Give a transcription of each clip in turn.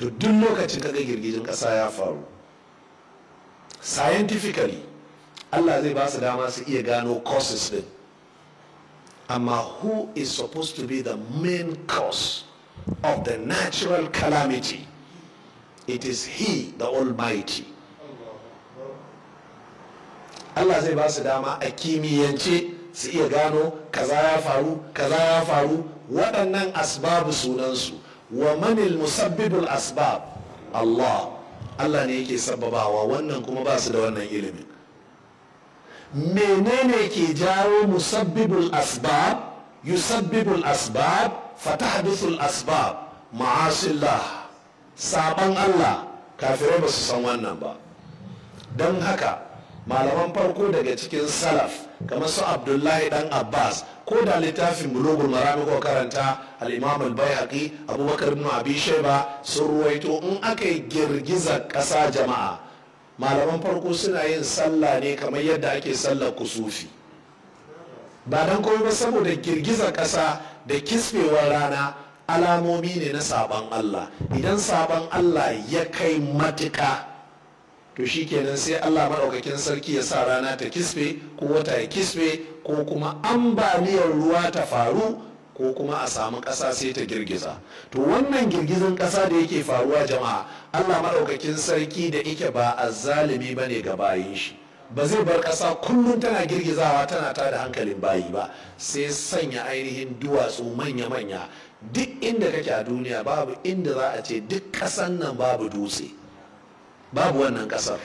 to duk lokacin kaga girgijin kasa ya faru scientifically allah zai ba su dama su iya gano causes din amma who is supposed to be the main cause of the natural calamity it is he the almighty allah zai ba su dama a kimiyyance su iya gano kaza ya faru kaza ya faru waɗannan asbabu sunansu wa manil musabbibul asbab Allah Allah ne yake sababawa wannan kuma ba su da wannan ilimin menene ke jawo musabbibul asbab yusabbibul asbab fatahdusul asbab ma'asillah saban Allah kafirai ba su san wannan ba don haka malaman farko daga cikin salaf kamar su abdullahi dan abbas ko da littafin bulugul marami ko karanta al'imam imam abubakar ibn abi shaiba sun ruwaito in aka yi girgizar ƙasa jama'a malaman farko suna yin sallah ne kamar yadda ake sallar kusufi ba dan komai ba saboda girgiza ƙasa da kisfewar rana alamomi ne na sabon Allah idan sabon Allah ya kai matuka to shi kenan sai allah maɗaukakin sarki ya sa rana ta kisbe ko wata ya kisbe ko kuma ambaliyar ruwa ta faru ko kuma a samu ƙasa sai ta girgiza to wannan girgizan ƙasa da yake faruwa jama'a allah maɗaukakin sarki da yake ba a zalimi ba ne ga bayin shi ba zai bar ƙasa kullum tana girgizawa tana ta da hankalin bayi ba sai sanya ainihin duwatsu manya-manya duk inda kake a duniya babu inda za a ce duk ƙasan nan babu dutse babu wannan kasar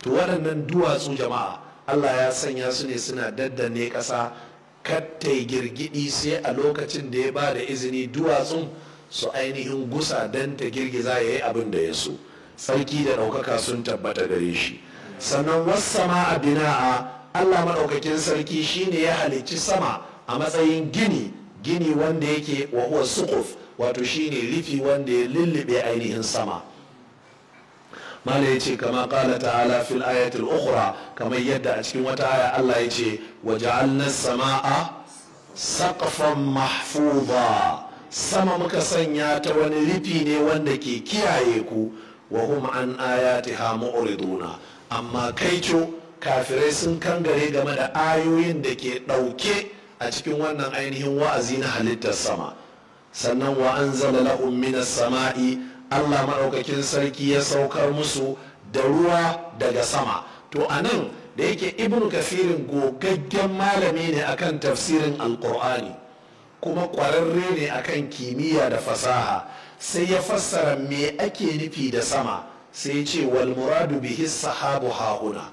to waɗannan duwatsu jama'a allah ya sanya su ne suna daddane ƙasa katta girgidi sai a lokacin da ya ba da izini duwatsun su ainihin gusa don ta girgiza ya yi abin da ya so sarki da ɗaukaka sun tabbata gare shi sannan sama a bina'a allah maɗaukakin sarki shine ya halicci sama a matsayin gini gini wanda yake wa huwa sukuf wato shine rufi wanda ya lullube ainihin sama mala ya ce kama kala ta'ala fil ayatul ukhra kamar yadda a cikin wata aya Allah ya ce waja'alna sama'a saqfan mahfuza sama muka sanya ta wani rufi ne wanda ke kiyaye ku wa hum an ayatiha mu'riduna amma kaico kafirai sun kangare game da ayoyin da ke dauke a cikin wannan ainihin wa'azi na halittar sama sannan wa anzala lahum minas sama'i allah maɗaukakin sarki ya saukar musu da ruwa daga sama to a nan da yake ibnu kafirin gogaggen malami ne akan tafsirin alkur'ani kuma ƙwararre ne akan kimiyya da fasaha sai ya fassara me ake nufi da sama sai ce wal muradu bihi sahabu hahuna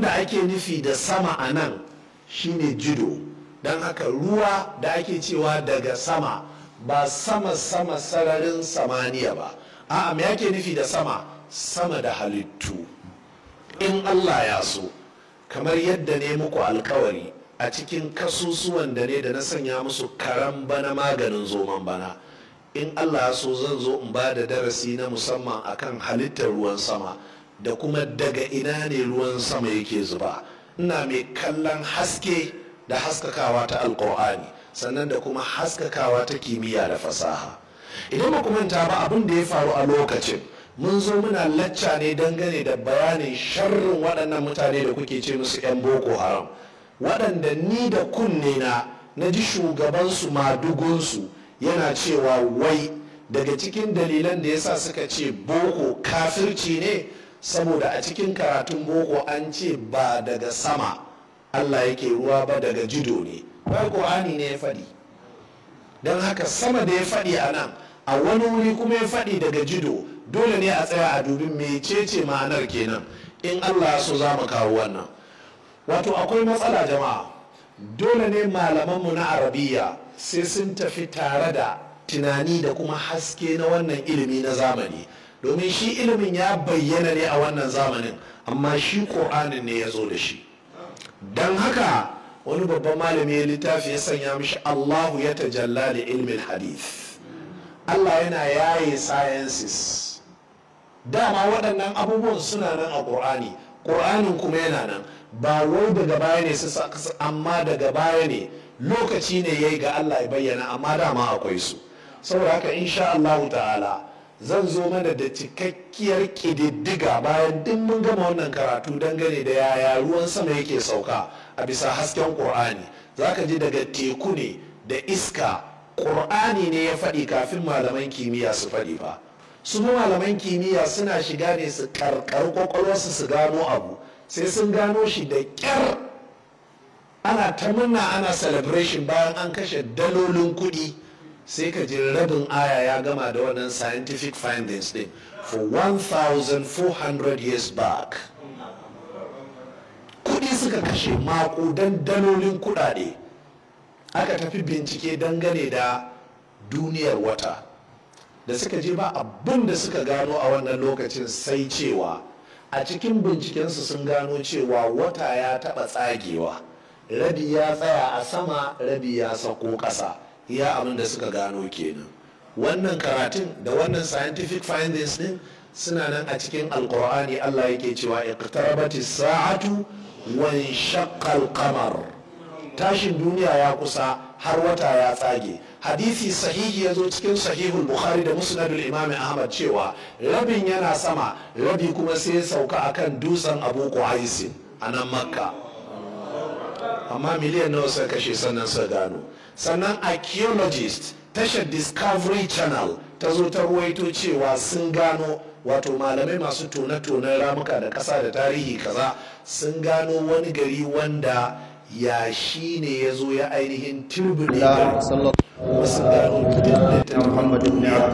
da ake nufi da sama a nan shine jido don haka ruwa da ake cewa daga sama ba sama sama sararin samaniya ba a'a me yake nufi da sama sama da halittu in Allah ya so kamar yadda ne muku alkawari a cikin kasusuwan da ne da na sanya musu karan bana maganin zoman bana in Allah ya so zan zo in ba da darasi na musamman akan halittar ruwan sama da kuma daga ina ne ruwan sama yake zuba ina mai kallon haske da haskakawa ta alkur'ani sannan da kuma haskakawa ta kimiyya da fasaha idan ba manta ba abin da ya faru a lokacin mun zo muna lacca ne dangane da bayanin sharrin waɗannan mutane da kuke ce musu 'yan boko haram waɗanda ni da kunne na na ji shugabansu madugunsu yana cewa wai daga cikin dalilan da yasa suka ce boko kafirci ne saboda a cikin karatun boko an ce ba daga sama allah yake ruwa ba daga jido ne wai ƙur'ani ne ya faɗi don haka sama da ya faɗi a nan a wani wuri kuma ya faɗi daga jido dole ne a tsaya a dubi mecece ma'anar kenan in allah so za mu kawo wannan wato akwai matsala jama'a dole ne malamanmu na arabiya sai sun tafi tare da tunani da kuma haske na wannan ilimi na zamani domin shi ilimin ya bayyana ne a wannan zamanin amma shi ne ya zo da shi don haka wani babban malami ya littafi ya sanya mishi allahu ya tajalla da ilmin hadith allah yana yaye sciences dama waɗannan abubuwan suna nan a ƙur'ani ƙur'anin kuma yana nan ba wai daga baya ne su amma daga baya ne lokaci ne ya yi ga allah ya bayyana amma dama akwai su saboda haka insha allahu ta'ala zan zo mana da cikakkiyar ƙididdiga bayan duk mun gama wannan karatu dangane da yaya ruwan sama yake sauka a bisa hasken ƙur'ani za ka ji daga teku ne da iska ƙur'ani ne ya faɗi kafin malaman kimiyya su faɗi ba su malaman kimiyya suna shiga ne su karkar kwakwalwarsu su gano abu sai sun gano shi da ƙyar ana ta murna ana celebration bayan an kashe dalolin kuɗi sai ka ji rabin aya ya gama da wannan scientific findings din for 1400 years back suka kashe makudan dalolin kudade aka tafi bincike dangane da duniyar wata da suka je ba abin da suka gano a wannan lokacin sai cewa a cikin bincikensu sun gano cewa wata ya taɓa tsagewa rabi ya tsaya a sama rabi ya sako ƙasa ya abin da suka gano kenan wannan karatun da wannan scientific findings din suna nan a cikin alkur'ani allah yake cewa iqtarabati sa'atu wan shakkar kamar tashin duniya ya kusa har wata ya tsage hadisi sahihi ya zo cikin sahihul bukhari da musnadul imam ahmad cewa rabin yana sama rabi kuma sai ya sauka kan dutsen abu kuhaisin a nan makka amma miliyan nawa suka kashe sannan suka gano sannan archaeologist tashar discovery channel ta zo ta ruwaito cewa sun gano wato malamai masu tone-tonen ramuka da ƙasa da tarihi kaza sun gano wani gari wanda ya shi ne ya zo ya ainihin turbine ga wasu gano muhammadin da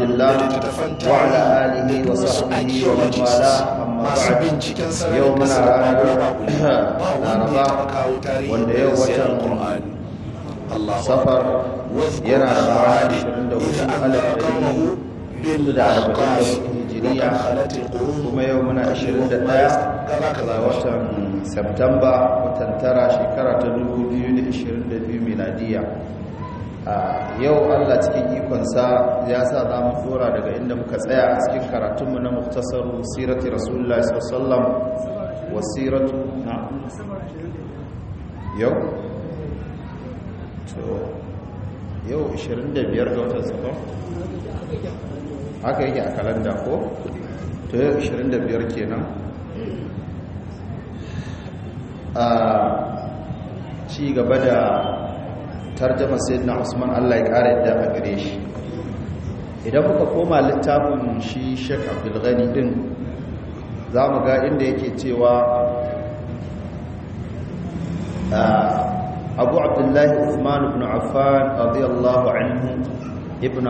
da masu binciken yau muna ranar laraba wanda yau watan safar yana da ma'adi da alif 440 hijiriya kuma yau muna da 21 ga watan Septamba watan tara shekara ta dubu biyu da da 2022 miladiya yau Allah cikin ikonsa ya sa za mu tsora daga inda muka tsaya a cikin karatunmu na muktasaru sirati rasulullah sallallahu wa siratu na yau yau 25 ga watan Septamba haka yake a kalanda ko ta 25 kenan a ci gaba da tarjama na Usman Allah ya kare yadda a gare shi idan kuka koma littafin shi shek Abdul Ghani din zamu ga inda yake cewa Abu abdullahi Usman ibn Affan radiyallahu anhu ibn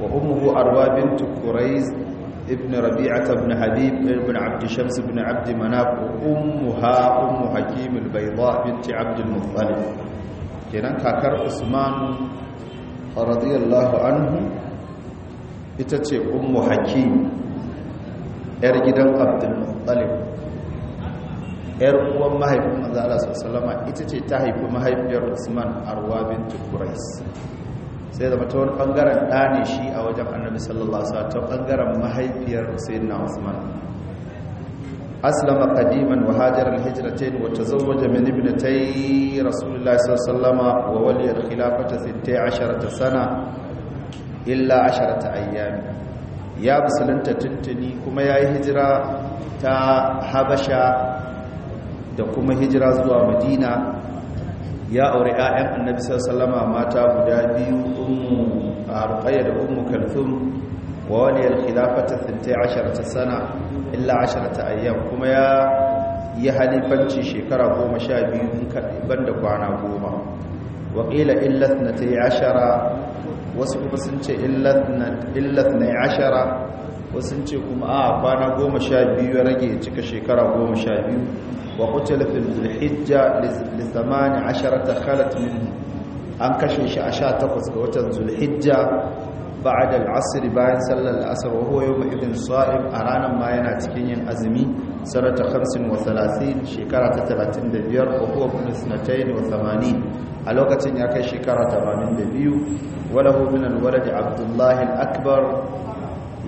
وأمه أروى بنت كريز ابن ربيعة بن حبيب بن عبد شمس بن عبد مناف وأمها أم حكيم البيضاء بنت عبد المطلب كان كاكر عثمان رضي الله عنه إتت أم حكيم أرجدا عبد المطلب yar uwan mahaifin manzo Allah sallallahu ita ce ta haifi mahaifiyar Usman Arwa bint Quraish sai da ta wani bangaren ɗa ne shi a wajen annabi sallallahu alaihi wasallam ta bangaren mahaifiyar sayyidina Usman aslama qadiman wa hajara al-hijratayn wa tazawwaja min ibnatay rasulillah sallallahu alaihi wa wali al-khilafata 16 sana illa 10 ayyam ya musulunta tuntuni kuma yayi hijira ta Habasha da kuma hijira zuwa madina ya aure 'ya'yan annabi sallama mata guda biyu ummu a ruqayya da ummu kalthum wa wali al-khilafata asharta sana illa asharta ayyam kuma ya yi halifanci shekara goma sha biyu in kaɗan da kwana 10 wa ta yi ashara wasu kuma sun ce yi ashara. wasu ce kuma a kwana goma sha biyu ya rage cika shekara goma sha biyu wa kucin zulhijja lissamani asharata khalat minhu an kashe shi a sha takwas ga watan zulhijja ba'ad al'asr bayan sallar al'asr wa huwa yawm ibn sa'ib a ranar ma yana cikin yin azumi wa salasin shekara ta da biyar wa huwa ibn sanatayn wa 80 a lokacin ya kai shekara tamanin da biyu min al-walad abdullah abdullahi akbar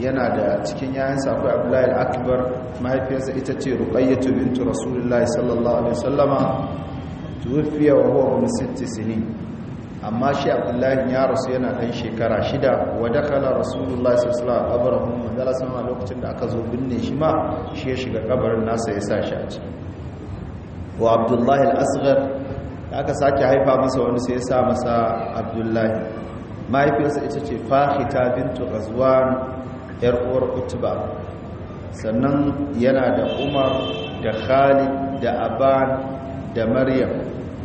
yana da cikin yayansa akwai abdullahi al-akbar mahaifiyarsa ita ce ruqayyatu bintu rasulullahi sallallahu alaihi wasallama tuwfiya wa huwa min sitti sinin amma shi abdullahi ya rasu yana dan shekara shida wa dakala rasulullahi sallallahu alaihi wasallam madala sama lokacin da aka zo binne shi ma shi ya shiga kabarin nasa ya sa shi a ciki wa abdullahi al-asghar aka sake haifa masa wani sai ya sa masa abdullahi mahaifiyarsa ita ce fahita bintu ghazwan yar uwar utba sannan yana da umar da khalid da aban da maryam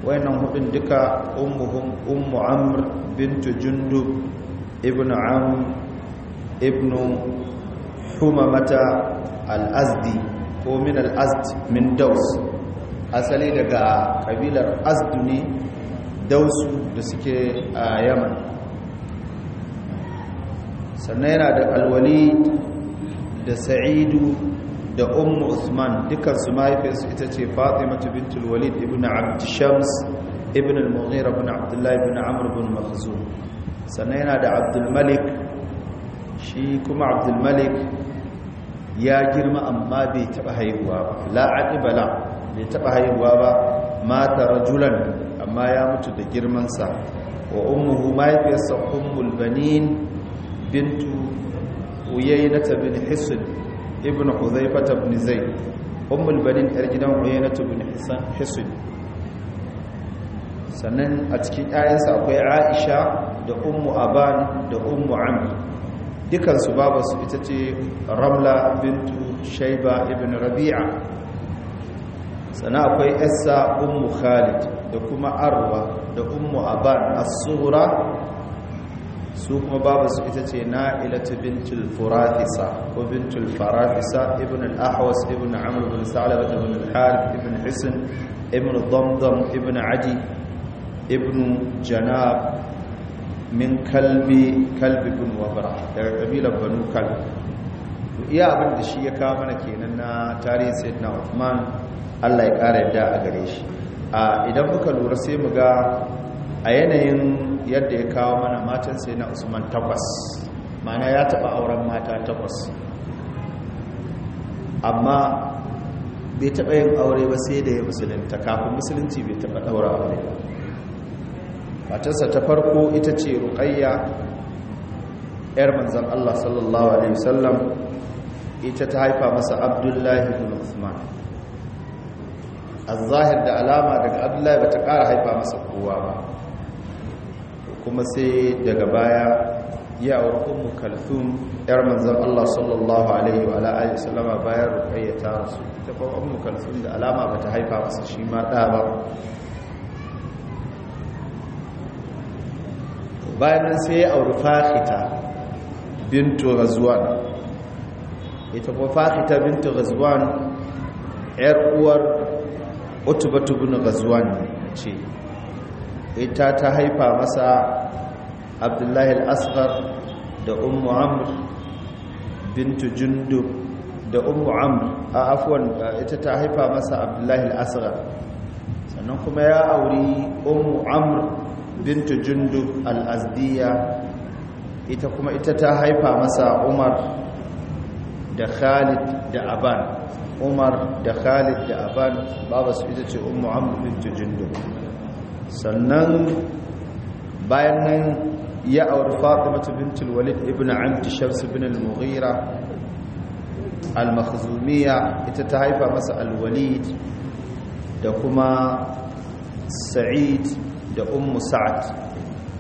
wayannan hudun duka ummuhum ummu amr bintu jundub ibnu am ibnu humamata al-azdi ko min al-azd min daws asali daga kabilar azd ne dausu da suke a yaman sannan yana da alwali da sa'idu da ummu usman dukansu mahaifinsu ita ce fatimatu bintul walid ibn abd shams ibn al-mughira ibn abdullah ibn amr ibn makhzum sannan yana da abdul malik shi kuma abdul malik ya girma amma bai taba haihuwa ba la bala bai taba haihuwa ba mata rajulan amma ya mutu da girmansa sa wa ummuhu mahaifiyarsa ummul banin bintu uyainata bin hisin ibn huzaifata bin zai ummul banin yar gidan uyainata bin hisin sannan a cikin 'ya'yansa akwai aisha da ummu aban da ummu ammi dukansu babansu ita ce ramla bintu shaiba ibn rabi'a sana akwai essa ummu khalid da kuma arwa da ummu aban as-sughra su kuma babansu ita ce na'ilatu bintul furafisa ko bintul farafisa ibn al ibn amur bin salaba ibn al'arif ibn hisn ibn damdam ibn adi ibn janab min kalbi kalbi bin wabara daga kabilar banu kalbi iya abin da shi ya kawo mana kenan na tarihin na Uthman Allah ya ƙara yadda a gare shi idan muka lura sai mu ga a yanayin yadda ya kawo mana matan sai na usman takwas mana ya taba auren mata takwas amma bai taba yin aure ba sai da ya musulunta kafin musulunci bai taba daura aure matarsa ta farko ita ce Rukayya. 'yar manzan Allah sallallahu Alaihi wasallam ita ta haifa masa abdullahi bin usman a zahir da alama daga abdullahi ba ta ƙara haifa masa kowa ba kuma sai daga baya ya aure ummu kalthum yar manzon Allah sallallahu alaihi wa alihi sallama bayan Rukayya ta rasu ita ko ummu kalthum da alama bata haifa ba shi ma da ba bayan nan sai ya aure fakhita bintu ghazwan ita ko fakhita bintu ghazwan yar uwar utbatu bin ghazwan ce ita ta haifa masa abdullahi al da ummu amr bintu jundub da ummu amr a afwan ita ta haifa masa abdullahi al-asghar sannan kuma ya auri ummu amr bintu jundub al ita kuma ita ta haifa masa umar da khalid da aban umar da khalid da aban babu su ita ce ummu amr bintu jundub sannan bayan nan ya auri fatimatu bintin walid ibn amti shams ibn al-mughira al-makhzumiyya ita ta haifa masa al-walid da kuma sa'id da ummu sa'ad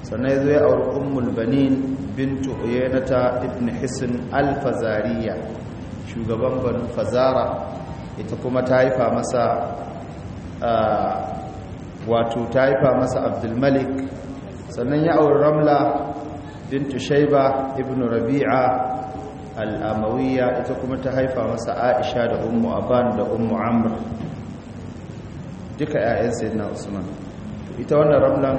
sannan yazo ya auri ummul banin bintu uyaynata ibn hisn al-fazariya shugaban banu fazara ita kuma ta haifa masa wato sannan ya auri ramla bintu shaiba ibn rabi'a al'amawiya ita kuma ta haifa masa aisha da ummu aban da ummu amr duka 'ya'yan sayyidina usman ita wannan ramlan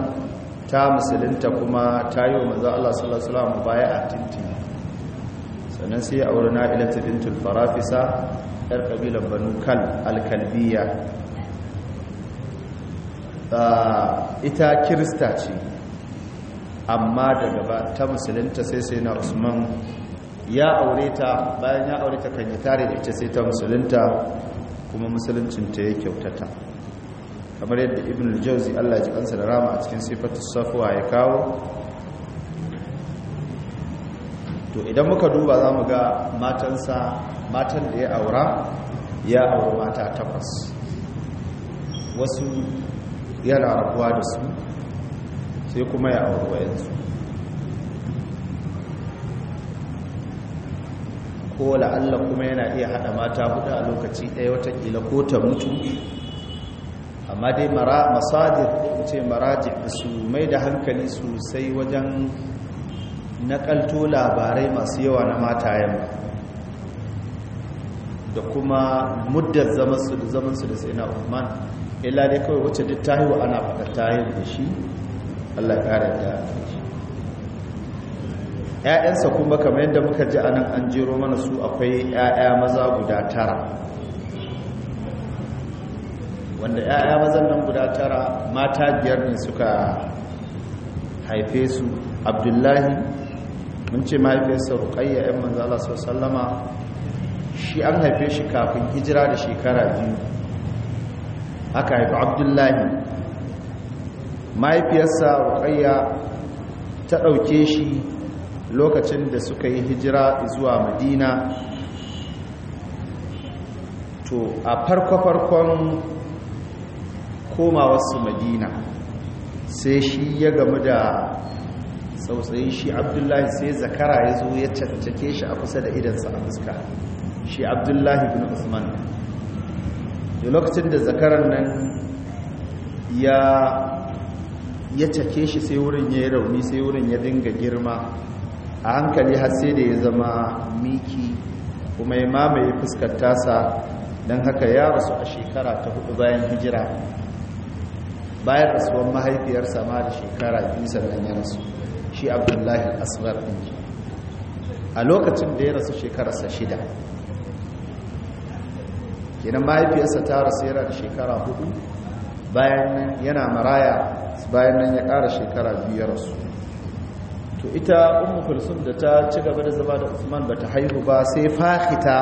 ta musulunta kuma ta yi wa maza Allah sallallahu alaihi wasallam a tinti sannan sai ya auri Na'ilatu Bintu Farafisa yar kabilar Banu Kal al ah, ita kirista ce amma daga ba ta musulunta sai sai na usman ya aure ta bayan ya aure ta kan yi tare da ita sai ta musulunta kuma musuluncinta ya kyautata kamar yadda ibn al Allah ji kansa da rama a cikin sifatu safwa ya kawo to idan muka duba za mu ga matansa matan da ya aura ya aure mata takwas wasu yana rabuwa da su sai kuma ya auri wayansu ko allah kuma yana iya haɗa mata hudu a lokaci ɗaya watakila ko ta mutu amma dai masadir ce maraji su mai da hankali sosai wajen nakalto labarai masu yawa na mata yamma da kuma muddar zamansu da zamansu da sai na umar illa dai kawai wacce duk tahiwa ana faɗa tahiwa da shi Allah ƙara ta ‘ya'yansa kuma kamar yadda muka ji anan an jero mana su akwai ‘ya'ya maza guda tara wanda ‘ya'ya mazan nan guda tara mata biyar ne suka haife su abdullahi mun ce mahaifiyarsa rukayya ‘yan manzala sallama shi an haife shi kafin hijira da shekara biyu aka haifi abdullahi mahaifiyarsa ruqayya ta ɗauke shi lokacin da suka yi hijira zuwa madina to a farko-farkon koma wasu madina sai shi ya gamu da sautsayi shi abdullahi sai zakara ya zo ya cancake shi a kusa da idansa a fuska shi abdullahi bin usman da lokacin da zakaran nan ya ya cake shi sai wurin ya yi rauni sai wurin ya dinga girma a hankali har sai da ya zama miki kuma ya mamaye fuskar tasa don haka ya rasu a shekara ta hudu bayan hijira bayan rasuwar mahaifiyar sama da shekara biyu sannan ya rasu shi abdullahi asrar ji. a lokacin da ya rasu shekararsa shida kenan mahaifiyarsa ta rasu yana da shekara hudu bayan yana maraya bayan nan ya ƙara shekara biyar su to ita ummu kulsum da ta ci gaba da zama da usman ba ta haihu ba sai fahita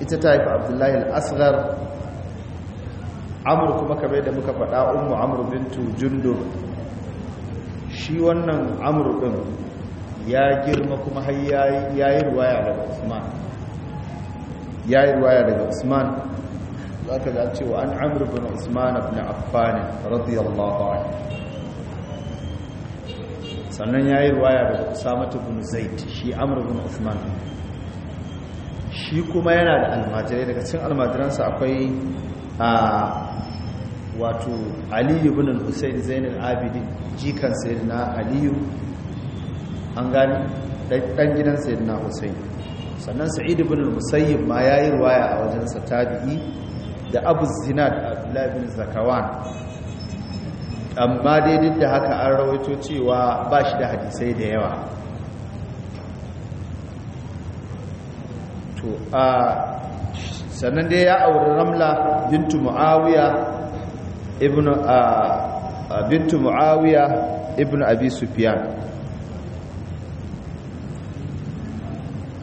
ita ta haifi abdullahi al'asgar amur kuma kamar da muka faɗa ummu amur bintu jundur shi wannan amur ɗin ya girma kuma ya yi ruwaya daga usman ya yi ruwaya daga usman za ka ga cewa an amur bin usman na affan radiyallahu ta'ala sannan ya yi ruwaya daga usamatu bin zaid shi amur bin usman shi kuma yana da almajirai daga cin almajiransa akwai a wato aliyu bin Hussein zainul abidin jikan sayyidina aliyu an gani dan gidan sayyidina Hussein, sannan sa'id bin al-musayyib ma yayi ruwaya a wajen sa tabi'i da abu zinad abdullah bin zakawan amma dai duk da haka an rawaito cewa ba shi da hadisai da yawa to a sannan dai ya auri ramla bintu muawiya ibnu bintu muawiya ibnu abi sufyan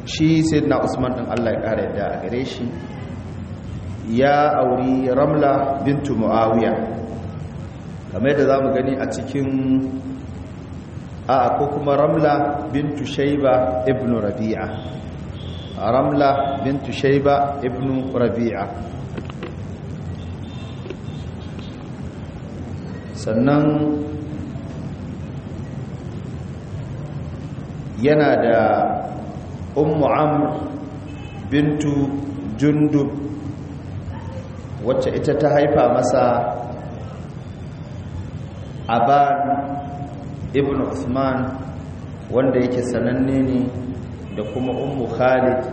shi na usman ɗin Allah ya kare da gare shi ya auri ramla bintu muawiya kamar yadda za mu gani a cikin a ko kuma ramla bintu shaiba ibn rabi'a ramla bintu shaiba ibn rabi'a sannan yana da ummu amr bintu jundub wacce ita ta haifa masa aban ibn usman wanda yake sananne ne da kuma ummu khalid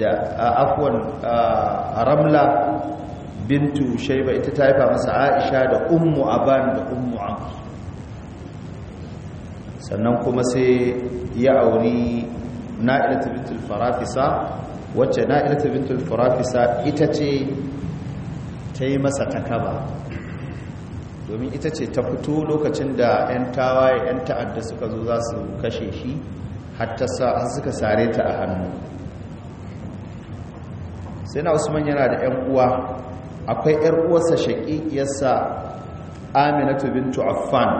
da afwan ramla bintu shaiba ita ta haifa masa aisha da ummu aban da ummu amr sannan kuma sai ya auri na'ilatu bintul farafisa wacce na'ilatu bintul farafisa ita ce ta yi masa takaba domin ita ce ta fito lokacin da 'yan tawaye 'yan ta'adda suka zo za su kashe shi hatta suka sare ta a hannu sai na usman yana da 'yan uwa akwai 'yar uwarsa shaƙiƙiyarsa aminatu bintu affan